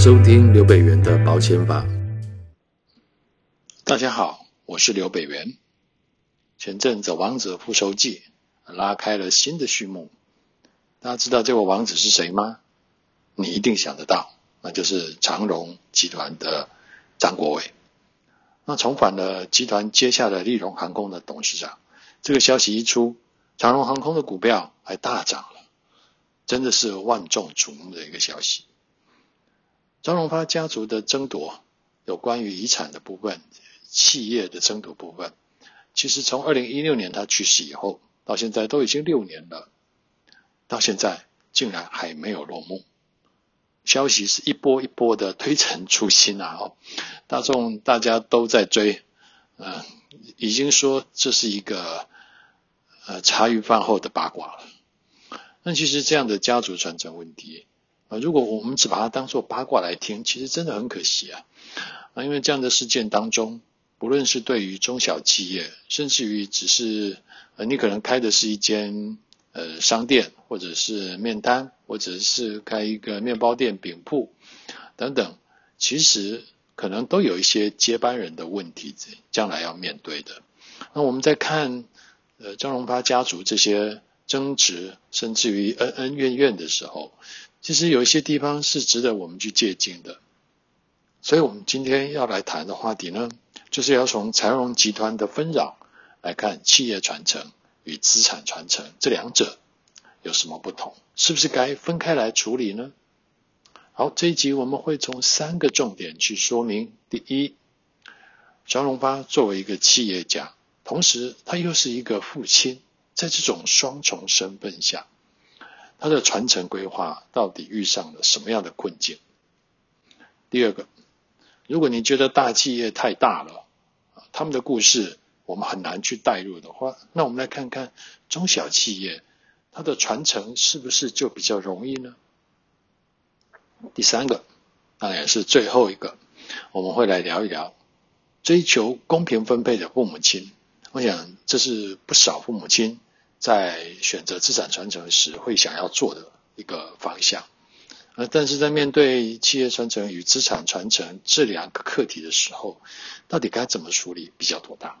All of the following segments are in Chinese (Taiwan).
收聽劉北元的保險法。大家好，我是劉北元。前陣子《王子復仇記》拉開了新的序幕，大家知道這位王子是誰嗎？你一定想得到，那就是長榮集團的張國煒。那重返了集團，接下了立榮航空的董事長。這個消息一出，長榮航空的股票還大漲了，真的是萬眾矚目的一個消息。張榮發家族的爭奪，有關於遺產的部分，企業的爭奪部分，其實從二零一六年他去世以後，到現在都已經六年了，到現在竟然還沒有落幕，消息是一波一波的推陳出新啊！哦，大眾大家都在追，嗯、呃，已經說這是一個呃茶餘飯後的八卦了。那其實這樣的家族傳承問題。啊，如果我們只把它當做八卦來聽，其實真的很可惜啊！啊，因為這樣的事件當中，不論是對於中小企業，甚至於只是、呃、你可能開的是一間呃商店，或者是麵攤，或者是開一個麵包店、餅鋪等等，其實可能都有一些接班人的問題，將來要面對的。那我們在看呃張榮發家族這些爭執，甚至於恩恩怨怨的時候，其實有一些地方是值得我們去借鏡的，所以，我們今天要來談的話題呢，就是要從長榮集團的紛擾來看企業傳承與資產傳承這兩者有什麼不同，是不是該分開來處理呢？好，這一集我們會從三個重點去說明。第一，張榮發作為一個企業家，同時他又是一個父親，在這種雙重身份下。它的傳承規劃到底遇上了什麼樣的困境？第二個，如果你覺得大企業太大了，他們的故事我們很難去代入的話，那我們來看看中小企業，它的傳承是不是就比較容易呢？第三個，當然也是最後一個，我們會來聊一聊追求公平分配的父母親。我想這是不少父母親，在選擇資產傳承時，會想要做的一個方向。呃，但是在面對企業傳承與資產傳承這兩個課題的時候，到底該怎麼處理比較妥當？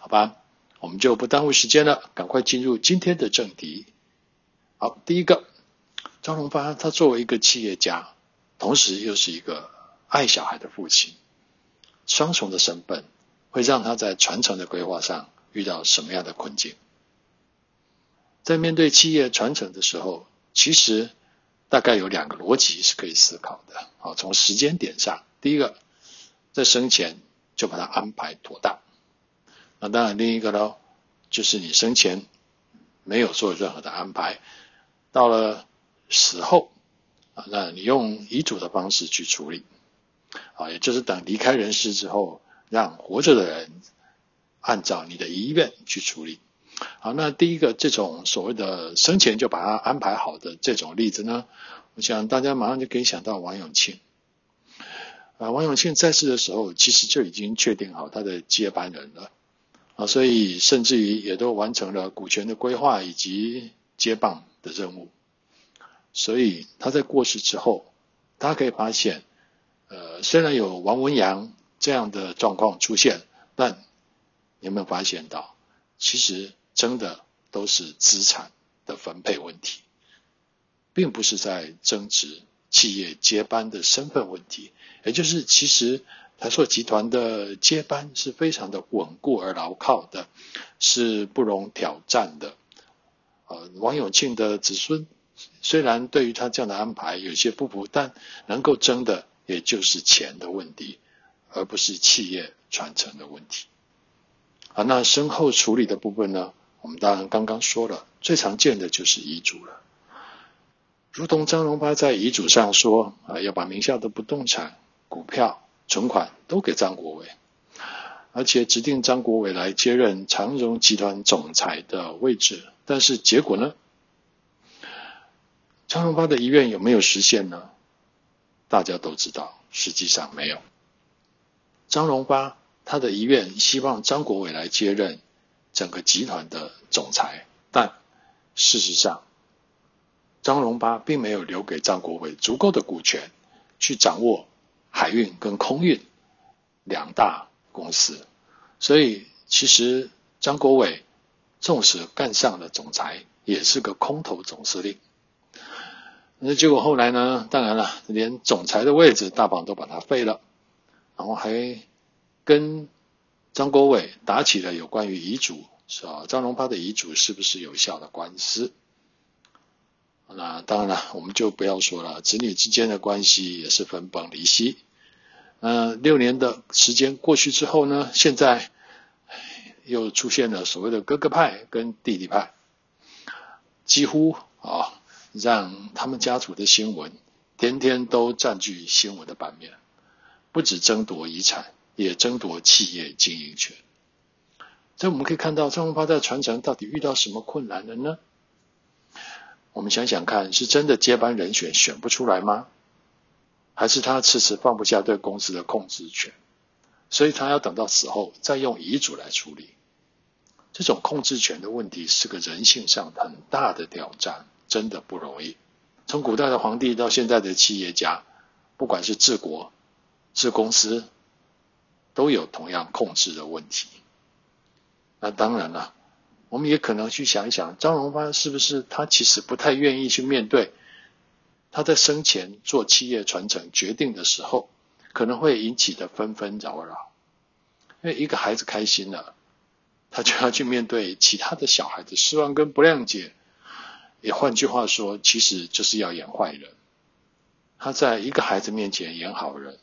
好吧，我們就不耽誤時間了，趕快進入今天的正題。好，第一個，張榮發他作為一個企業家，同時又是一個愛小孩的父親，雙重的身份會讓他在傳承的規劃上遇到什麼樣的困境？在面對企業傳承的時候，其實大概有兩個邏輯是可以思考的。啊，從時間點上，第一個在生前就把它安排妥當。那當然，另一個呢，就是你生前沒有做任何的安排，到了死後，啊，那你用遺囑的方式去處理，啊，也就是等離開人世之後，讓活着的人按照你的遺願去處理。好，那第一個這種所謂的生前就把他安排好的這種例子呢，我想大家馬上就可以想到王永慶。啊，王永慶在世的時候，其實就已經確定好他的接班人了，啊，所以甚至於也都完成了股權的規劃以及接棒的任務。所以他在過世之後，大家可以發現，呃，雖然有王文洋這樣的狀況出現，但有沒有發現到，其實？爭的都是資產的分配問題，並不是在爭執企業接班的身份問題。也就是，其實台塑集團的接班是非常的穩固而牢靠的，是不容挑戰的。呃，王永慶的子孫雖然對於他這樣的安排有些不服，但能夠爭的也就是錢的問題，而不是企業傳承的問題。啊，那身後處理的部分呢？我們當然剛剛說了，最常見的就是遺囑了。如同張榮發在遺囑上說，啊要把名下的不動產、股票、存款都給張國煒，而且指定張國煒來接任長榮集團總裁的位置。但是結果呢？張榮發的遺願有沒有實現呢？大家都知道，實際上沒有。張榮發他的遺願，希望張國煒來接任。整個集團的總裁，但事實上，張榮發並沒有留給張國煒足夠的股權去掌握海運跟空運兩大公司，所以其實張國煒縱使幹上了總裁，也是個空頭總司令。那結果後來呢？當然了，連總裁的位置大房都把他廢了，然後還跟。張國煒打起了有關於遺囑啊，張榮發的遺囑是不是有效的官司？那當然了，我們就不要說了。子女之間的關係也是分崩離析。嗯、呃，六年的時間過去之後呢，現在又出現了所謂的哥哥派跟弟弟派，幾乎啊、哦、讓他們家族的新聞天天都占據新聞的版面，不止爭奪遺產。也爭奪企業經營權。所以我們可以看到，張榮發在傳承到底遇到什麼困難了呢？我們想想看，是真的接班人選選不出來嗎？還是他遲遲放不下對公司的控制權，所以他要等到死後再用遺囑來處理？這種控制權的問題是個人性上很大的挑戰，真的不容易。從古代的皇帝到現在的企業家，不管是治國、治公司。都有同樣控制的問題。那當然了，我們也可能去想一想，張榮發是不是他其實不太願意去面對他在生前做企業傳承決定的時候，可能會引起的紛紛擾擾。因為一個孩子開心了，他就要去面對其他的小孩子失望跟不諒解。也換句話說，其實就是要演壞人，他在一個孩子面前演好人。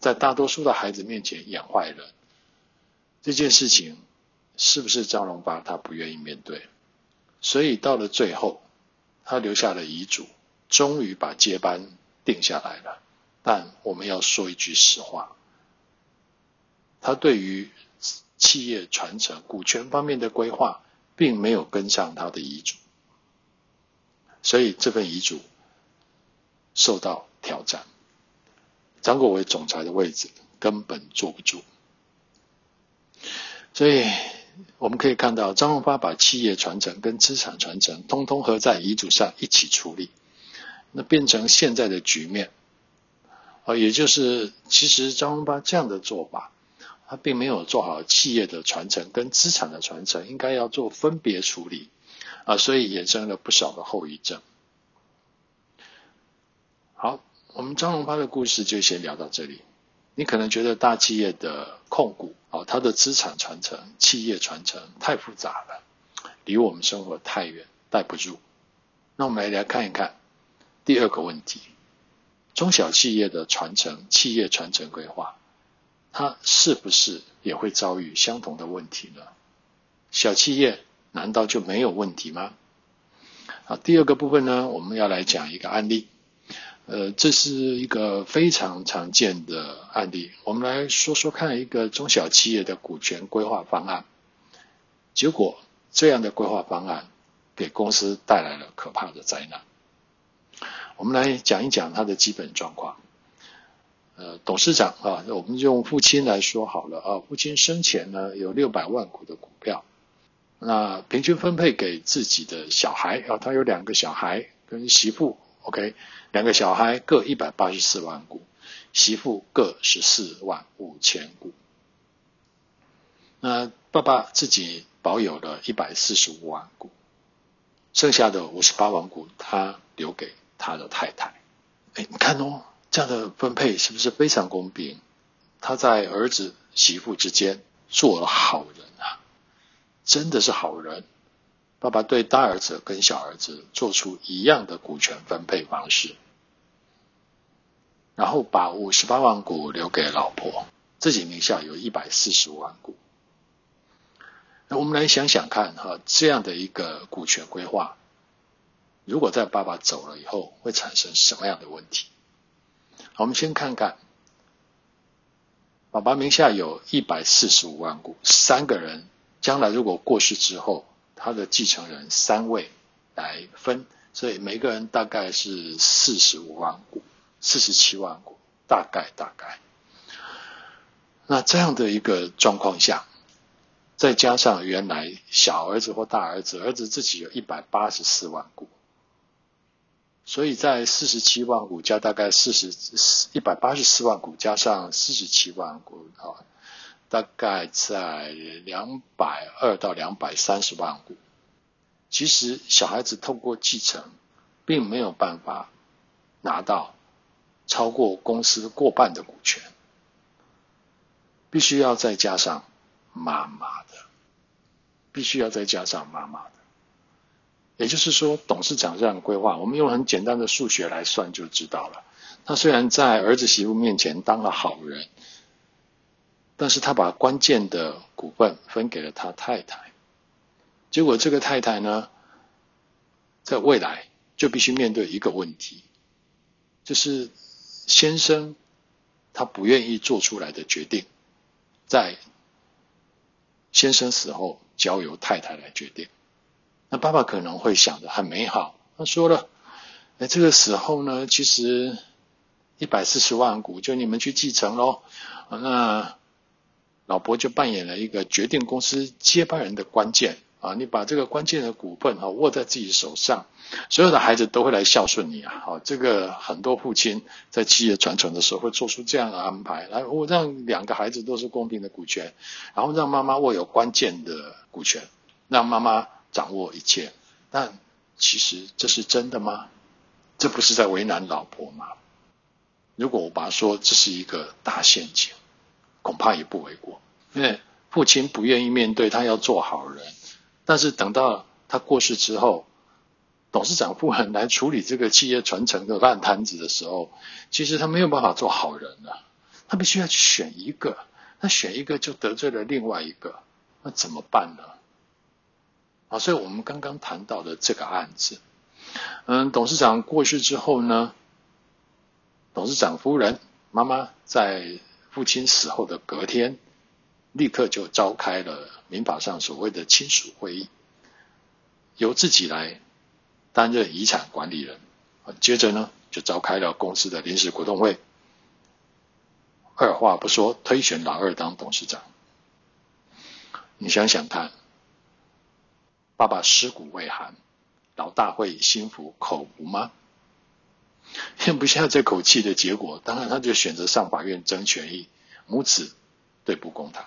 在大多數的孩子面前演壞人，這件事情是不是張榮發他不願意面對？所以到了最後，他留下了遺囑，終於把接班定下來了。但我們要說一句實話，他對於企業傳承、股權方面的規劃，並沒有跟上他的遺囑，所以這份遺囑受到挑戰。張國煒總裁的位置根本坐不住，所以我們可以看到，張榮發把企業傳承跟資產傳承，通通合在遺囑上一起處理，那變成現在的局面啊，也就是其實張榮發這樣的做法，他並沒有做好企業的傳承跟資產的傳承，應該要做分別處理啊，所以衍生了不少的後遺症。好。我們張榮發的故事就先聊到這裡。你可能覺得大企業的控股，哦，它的資產傳承、企業傳承太複雜了，離我們生活太遠，帶不住。那我們來來看一看第二個問題：中小企業的傳承、企業傳承規劃，它是不是也會遭遇相同的問題呢？小企業難道就沒有問題嗎？好，第二個部分呢，我們要來講一個案例。呃，這是一個非常常見的案例。我們來說說看一個中小企業的股權規劃方案，結果這樣的規劃方案給公司帶來了可怕的災難。我們來講一講他的基本狀況。呃，董事長啊，我們用父親來說好了啊。父親生前呢，有六百萬股的股票，那平均分配給自己的小孩啊，他有兩個小孩跟媳婦。OK，兩個小孩各一百八十四萬股，媳婦各十四萬五千股。那爸爸自己保有了一百四十五萬股，剩下的五十八萬股他留給他的太太。哎，你看哦，這樣的分配是不是非常公平？他在兒子媳婦之間做了好人啊，真的是好人。爸爸對大兒子跟小兒子做出一樣的股權分配方式，然後把五十八萬股留給老婆，自己名下有一百四十五萬股。那我們來想想看，哈，這樣的一個股權規劃，如果在爸爸走了以後，會產生什麼樣的問題？我們先看看，爸爸名下有一百四十五萬股，三個人將來如果過世之後。他的繼承人三位來分，所以每個人大概是四十五萬股，四十七萬股，大概大概。那這樣的一個狀況下，再加上原來小兒子或大兒子兒子自己有一百八十四萬股，所以在四十七萬股加大概四十四一百八十四萬股加上四十七萬股，好。大概在兩百二到兩百三十萬股。其實小孩子透過繼承，並沒有辦法拿到超過公司過半的股權，必須要再加上媽媽的，必須要再加上媽媽的。也就是說，董事長這樣的規劃，我們用很簡單的數學來算就知道了。他雖然在兒子媳婦面前當了好人。但是他把關鍵的股份分，分給了他太太，結果這個太太呢，在未來就必須面對一個問題，就是先生他不願意做出來的決定，在先生死後交由太太來決定。那爸爸可能會想的很美好，他說了：“哎、欸，這個死後呢，其實一百四十萬股就你們去繼承嘍。”那老婆就扮演了一個決定公司接班人的關鍵啊！你把這個關鍵的股份啊，握在自己手上，所有的孩子都會來孝順你啊！好，這個很多父親在企業傳承的時候會做出這樣的安排，來讓兩個孩子都是公平的股權，然後讓媽媽握有關鍵的股權，讓媽媽掌握一切。但其實這是真的嗎？這不是在為難老婆嗎？如果我爸說這是一個大陷阱。恐怕也不為過，因為父親不願意面對他要做好人，但是等到他過世之後，董事長夫人來處理這個企業傳承的爛攤子的時候，其實他沒有辦法做好人了，他必須要去選一個，那選一個就得罪了另外一個，那怎麼辦呢？啊，所以我們剛剛談到的這個案子，嗯，董事長過世之後呢，董事長夫人媽媽在。父親死後的隔天，立刻就召開了民法上所謂的親屬會議，由自己來擔任遺產管理人。接着呢，就召開了公司的臨時股東會，二話不說推選老二當董事長。你想想看，爸爸屍骨未寒，老大會心服口服嗎？嚥不下這口氣的結果，當然他就選擇上法院爭權益。母子對簿公堂，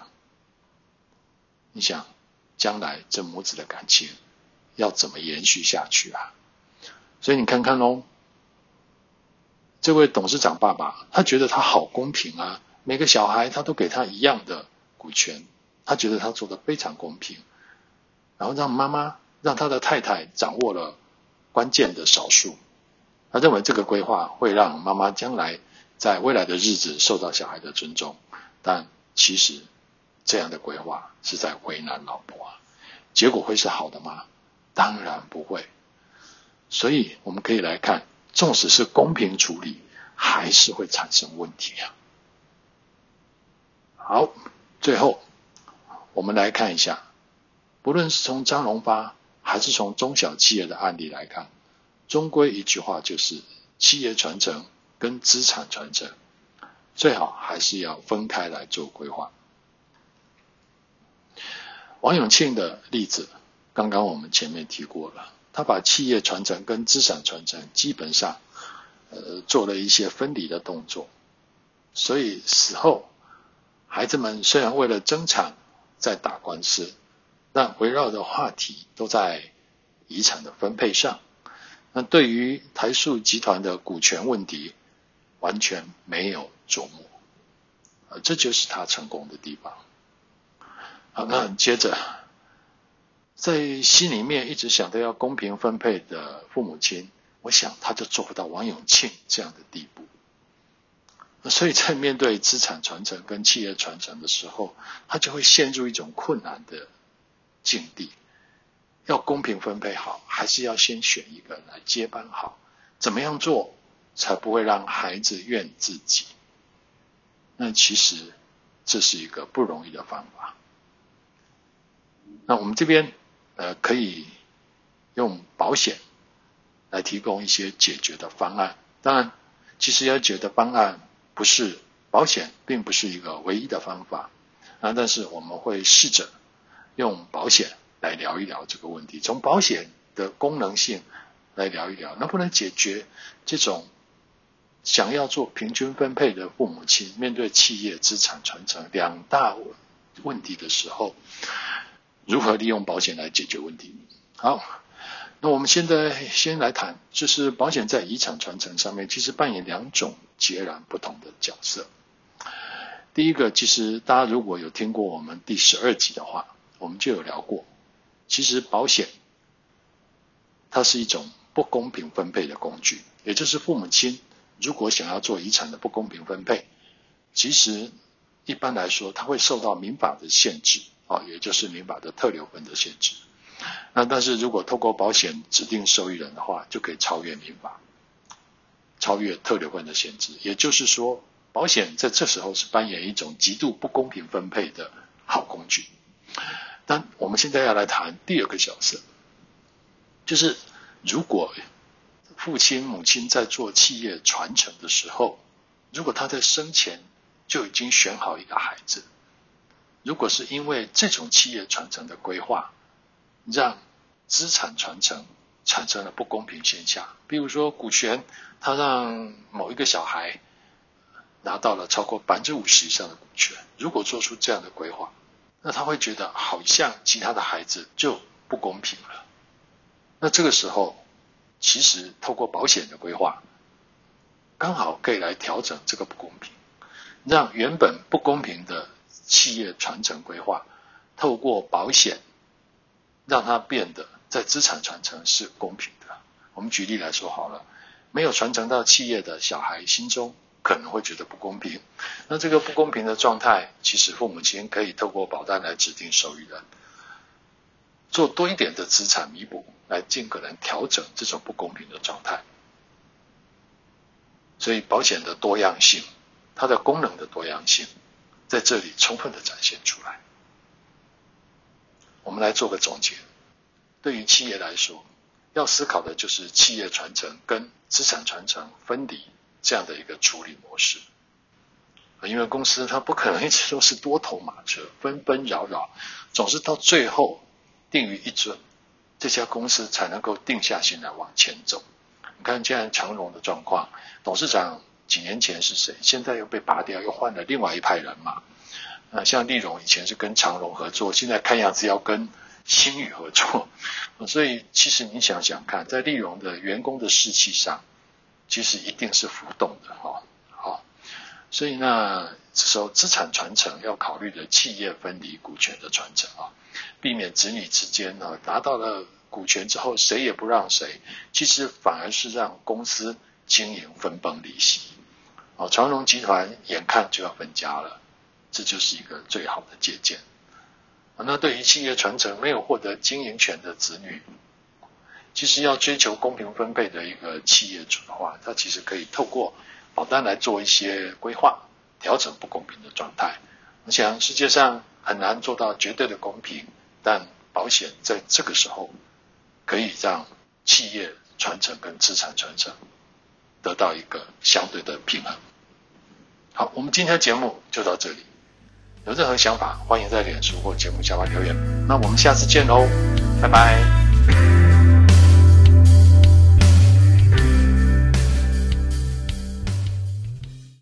你想將來這母子的感情要怎麼延續下去啊？所以你看看咯，這位董事長爸爸，他覺得他好公平啊，每個小孩他都給他一樣的股權，他覺得他做得非常公平，然後讓媽媽讓他的太太掌握了關鍵的少數。他認為這個規劃會讓媽媽將來在未來的日子受到小孩的尊重，但其實這樣的規劃是在為難老婆啊，結果會是好的嗎？當然不會。所以我們可以來看，縱使是公平處理，還是會產生問題啊。好，最後我們來看一下，不論是從張榮發還是從中小企業的案例來看。終歸一句話就是，企業傳承跟資產傳承最好還是要分開來做規劃。王永慶的例子，剛剛我們前面提過了，他把企業傳承跟資產傳承基本上呃做了一些分離的動作，所以死後孩子們雖然為了爭產在打官司，但圍繞的話題都在遺產的分配上。那對於台塑集團的股權問題完全沒有琢磨，啊，這就是他成功的地方。好，Okay. 那接着，在心裡面一直想着要公平分配的父母親，我想他就做不到王永慶這樣的地步。所以在面對資產傳承跟企業傳承的時候，他就會陷入一種困難的境地。要公平分配好，還是要先選一個來接班好？怎麼樣做才不會讓孩子怨自己？那其實這是一個不容易的方法。那我們這邊呃，可以用保險來提供一些解決的方案。當然，其實要解決的方案不是保險，並不是一個唯一的方法啊。但是我們會試着用保險。來聊一聊這個問題，從保險的功能性來聊一聊，能不能解決這種想要做平均分配的父母親面對企業資產傳承兩大問問題的時候，如何利用保險來解決問題？好，那我們現在先來談，就是保險在遺產傳承上面其實扮演兩種截然不同的角色。第一個，其實大家如果有聽過我們第十二集的話，我們就有聊過。其實保險，它是一種不公平分配的工具，也就是父母親如果想要做遺產的不公平分配，其實一般來說它會受到民法的限制，啊，也就是民法的特留分的限制。那但是如果透過保險指定受益人的話，就可以超越民法，超越特留分的限制。也就是說，保險在這時候是扮演一種極度不公平分配的好工具。但我們現在要來談第二個角色，就是如果父親母親在做企業傳承的時候，如果他在生前就已經選好一個孩子，如果是因為這種企業傳承的規劃，讓資產傳承產生了不公平現象，比如說股權，他讓某一個小孩拿到了超過百分之五十以上的股權，如果做出這樣的規劃。那他會覺得好像其他的孩子就不公平了。那這個時候，其實透過保險的規劃，剛好可以來調整這個不公平，讓原本不公平的企業傳承規劃，透過保險，讓它變得在資產傳承是公平的。我們舉例來說好了，沒有傳承到企業的小孩心中，可能會覺得不公平，那這個不公平的狀態，其實父母親可以透過保單來指定受益人，做多一點的資產彌補，來盡可能調整這種不公平的狀態。所以保險的多樣性，它的功能的多樣性，在這裡充分的展現出來。我們來做個總結，對於企業來說，要思考的就是企業傳承跟資產傳承分離。這樣的一個處理模式，因為公司它不可能一直都是多頭馬車，紛紛擾擾，總是到最後定於一尊，這家公司才能夠定下心來往前走。你看，現在長榮的狀況，董事長幾年前是誰？現在又被拔掉，又換了另外一派人馬。像立榮以前是跟長榮合作，現在看樣子要跟星宇合作。所以，其實你想想看，在立榮的員工的士氣上。其實一定是浮動的、哦，哈，好，所以呢，這時候資產傳承要考慮的企業分離、股權的傳承啊，避免子女之間呢拿到了股權之後誰也不讓誰，其實反而是讓公司經營分崩離析，哦，長榮集團眼看就要分家了，這就是一個最好的借鑒。哦、那對於企業傳承沒有獲得經營權的子女，其實要追求公平分配的一個企業主的話，他其實可以透過保單來做一些規劃，調整不公平的狀態。我想世界上很難做到絕對的公平，但保險在這個時候可以讓企業傳承跟資產傳承得到一個相對的平衡。好，我們今天的節目就到這裡。有任何想法，歡迎在臉書或節目下方留言。那我們下次見嘍，拜拜。